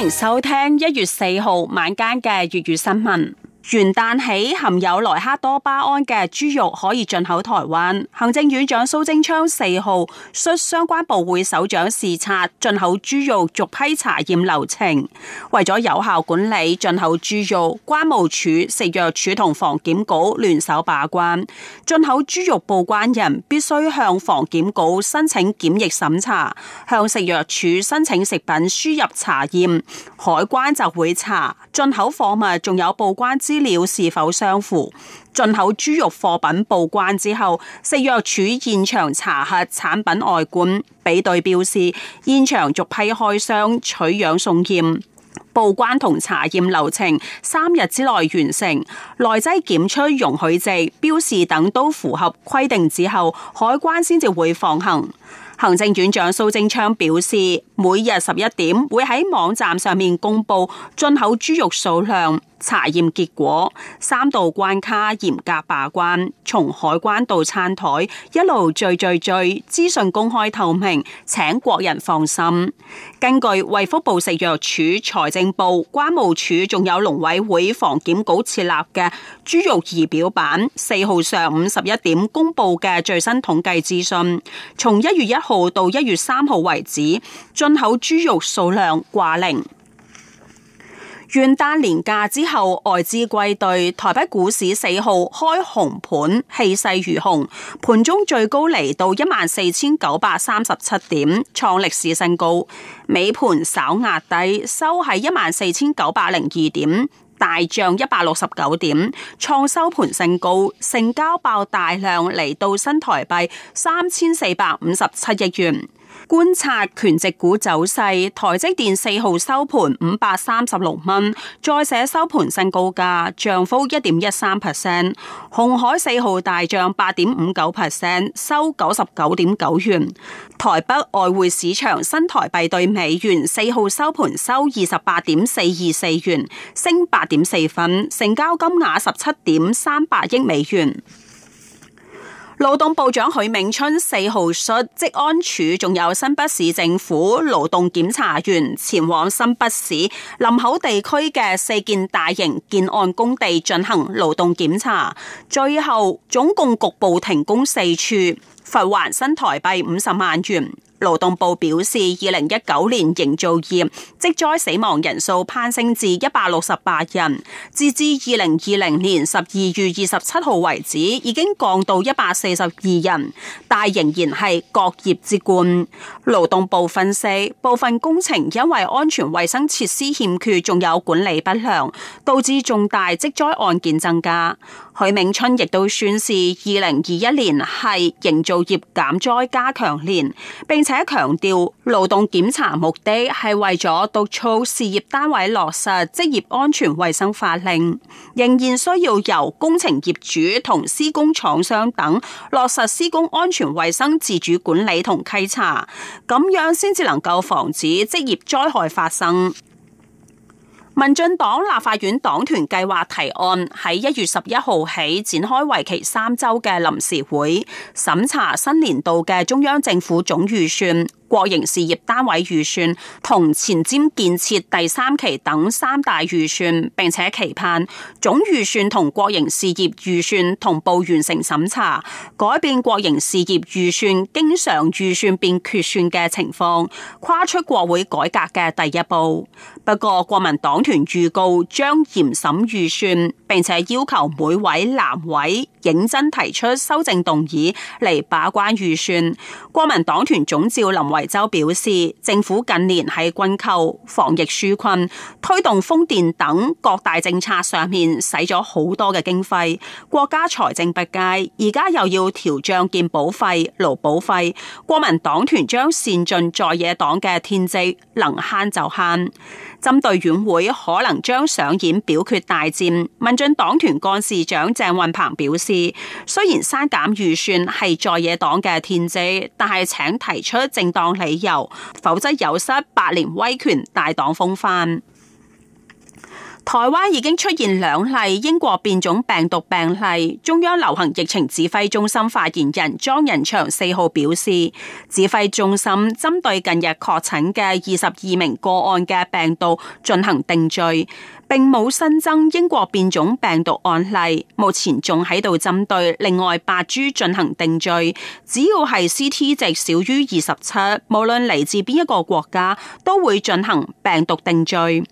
歡迎收聽一月四號晚間嘅粵語新聞。元旦起，含有萊克多巴胺嘅豬肉可以進口台灣。行政院長蘇貞昌四號率相關部會首長視察進口豬肉逐批查驗流程，為咗有效管理進口豬肉，關務署、食藥署同防檢局聯手把關。進口豬肉報關人必須向防檢局申請檢疫審查，向食藥署申請食品輸入查驗，海關就會查進口貨物，仲有報關。資料是否相符？進口豬肉貨品報關之後，食藥署現場查核產品外觀比對標示，現場逐批開箱取樣送驗。報關同查驗流程三日之內完成，內酯檢出容許值標示等都符合規定之後，海關先至會放行。行政院長蘇貞昌表示，每日十一點會喺網站上面公布進口豬肉數量。查驗結果，三道關卡嚴格把關，從海關到餐桌一路追追追，資訊公開透明，請國人放心。根據衛福部食藥署、財政部、關務署，仲有農委會防檢局設立嘅豬肉儀表板，四號上午十一點公布嘅最新統計資訊，從一月一號到一月三號為止，進口豬肉數量掛零。元旦年假之後外資歸隊，台北股市四號開紅盤，氣勢如虹，盤中最高嚟到一萬四千九百三十七點，創歷史新高。尾盤稍壓低，收喺一萬四千九百零二點，大漲一百六十九點，創收盤新高，成交爆大量嚟到新台幣三千四百五十七億元。觀察權值股走勢，台積電四號收盤五百三十六蚊，再寫收盤新高價，漲幅一點一三 percent。鴻海四號大漲八點五九 percent，收九十九點九元。台北外匯市場新台幣兌美元四號收盤收二十八點四二四元，升八點四分，成交金額十七點三八億美元。勞動部長許銘春四號率職安署仲有新北市政府勞動檢查員前往新北市林口地區嘅四件大型建案工地進行勞動檢查，最後總共局部停工四處，罰鍰新台幣五十萬元。勞動部表示，二零一九年營造業職災死亡人數攀升至一百六十八人，截至二零二零年十二月二十七號為止，已經降到一百四十二人，但仍然係各業之冠。勞動部分析，部分工程因為安全衛生設施欠缺，仲有管理不良，導致重大職災案件增加。許銘春亦都宣示二零二一年係營造業減災加強年，並且。且強調，勞動檢查目的係為咗督促事業單位落實職業安全衛生法令，仍然需要由工程業主同施工廠商等落實施工安全衛生自主管理同稽查，咁樣先至能夠防止職業災害發生。民進黨立法院黨團計劃提案喺一月十一號起展開為期三周嘅臨時會，審查新年度嘅中央政府總預算。國營事業單位預算同前瞻建設第三期等三大預算，並且期盼總預算同國營事業預算同步完成審查，改變國營事業預算經常預算變決算嘅情況，跨出國會改革嘅第一步。不過國民黨團預告將嚴審預算，並且要求每位藍委認真提出修正動議嚟把關預算。國民黨團總召林偉惠州表示，政府近年喺軍購、防疫紓困、推動風電等各大政策上面使咗好多嘅經費，國家財政不佳，而家又要調漲健保費、勞保費。國民黨團將善盡在野黨嘅天職，能慳就慳。針對院會可能將上演表決大戰，民進黨團幹事長鄭運鵬表示，雖然刪減預算係在野黨嘅天職，但係請提出政黨。理由，否則有失百年威權大黨風範。台灣已經出現兩例英國變種病毒病例。中央流行疫情指揮中心發言人莊人祥四號表示，指揮中心針對近日確診嘅二十二名個案嘅病毒進行定序，並冇新增英國變種病毒案例。目前仲喺度針對另外八株進行定序，只要係 CT 值少於二十七，無論嚟自邊一個國家，都會進行病毒定序。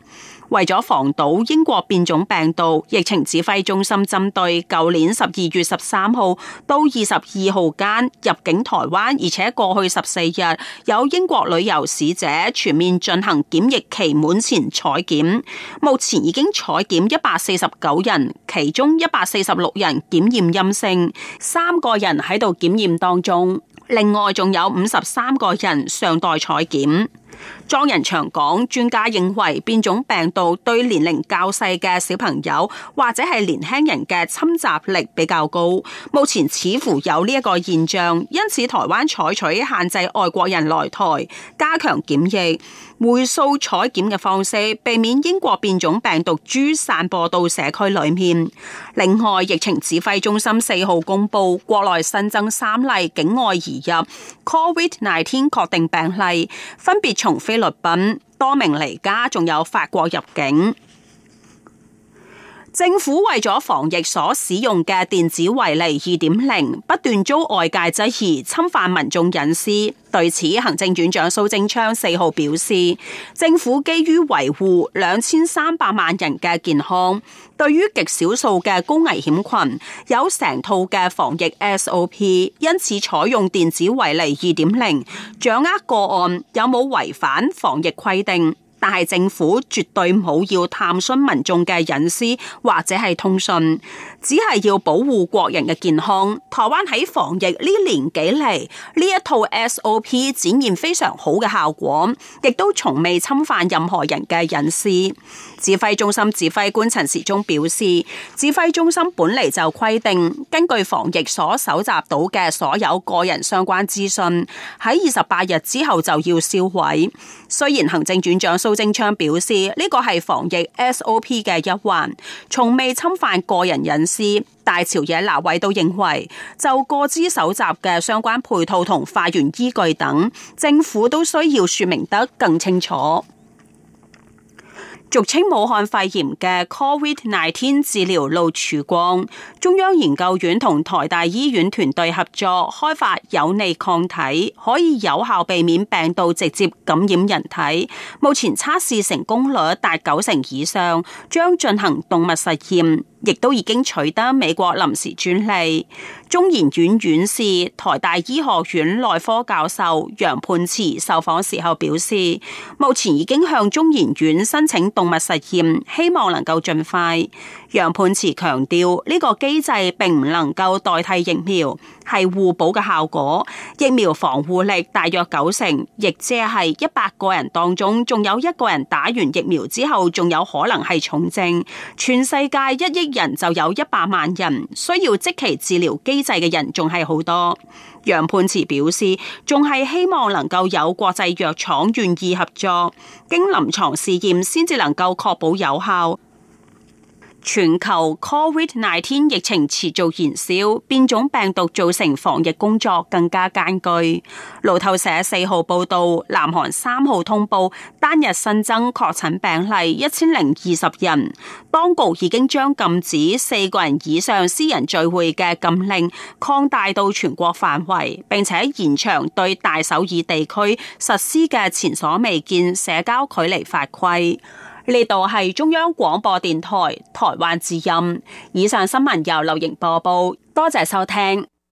為咗防堵英國變種病毒，疫情指揮中心針對舊年十二月十三號到二十二號間入境台灣，而且過去十四日有英國旅遊史者，全面進行檢疫期滿前採檢。目前已經採檢一百四十九人，其中一百四十六人檢驗陰性，三個人喺度檢驗當中，另外仲有五十三個人尚待採檢。莊人祥講，專家認為變種病毒對年齡較細嘅小朋友或者係年輕人嘅侵襲力比較高。目前似乎有呢一個現象，因此台灣採取限制外國人來台、加強檢疫、回溯採檢嘅方式，避免英國變種病毒株散播到社區裏面。另外，疫情指揮中心四號公布國內新增三例境外移入 COVID-19 確定病例，分別從菲律賓、多明尼加、仲有法國入境。政府為咗防疫所使用嘅電子圍籬二點零，不斷遭外界質疑侵犯民眾隱私。對此，行政院長蘇貞昌四號表示，政府基於維護兩千三百萬人嘅健康，對於極少數嘅高危險群，有成套嘅防疫 SOP，因此採用電子圍籬二點零，掌握個案有冇違反防疫規定。但係政府絕對冇要，要探詢民眾嘅隱私或者係通訊，只係要保護國人嘅健康。台灣喺防疫呢年幾嚟，呢一套 SOP 展現非常好嘅效果，亦都從未侵犯任何人嘅隱私。指揮中心指揮官陳時中表示，指揮中心本嚟就規定，根據防疫所搜集到嘅所有個人相關資訊，喺二十八日之後就要銷毀。雖然行政院長，蘇貞昌表示，呢個係防疫 SOP 嘅一環，從未侵犯個人隱私。大朝野立委都認為，就個資搜集嘅相關配套同法源依據等，政府都需要說明得更清楚。俗稱武漢肺炎嘅 COVID-19 治療露曙光，中央研究院同台大醫院團隊合作開發有利抗體，可以有效避免病毒直接感染人體。目前測試成功率達九成以上，將進行動物實驗。亦都已經取得美國臨時專利。中研院院士、台大醫學院內科教授楊泮池受訪時候表示，目前已經向中研院申請動物實驗，希望能夠盡快。楊泮池強調，呢、這個機制並唔能夠代替疫苗，係互補嘅效果。疫苗防護力大約九成，亦即係一百個人當中仲有一個人打完疫苗之後仲有可能係重症。全世界一億人就有一百萬人需要即期治療機制嘅人，仲係好多。楊泮池表示，仲係希望能夠有國際藥廠願意合作，經臨床試驗先至能夠確保有效。全球 Covid nineteen 疫情持續延燒，變種病毒造成防疫工作更加艱鉅。路透社四號報道，南韓三號通報單日新增確診病例一千零二十人。當局已經將禁止四個人以上私人聚會嘅禁令擴大到全國範圍，並且延長對大首爾地區實施嘅前所未見社交距離法規。呢度係中央廣播電台台灣之音，以上新聞由劉瑩播報，多謝收聽。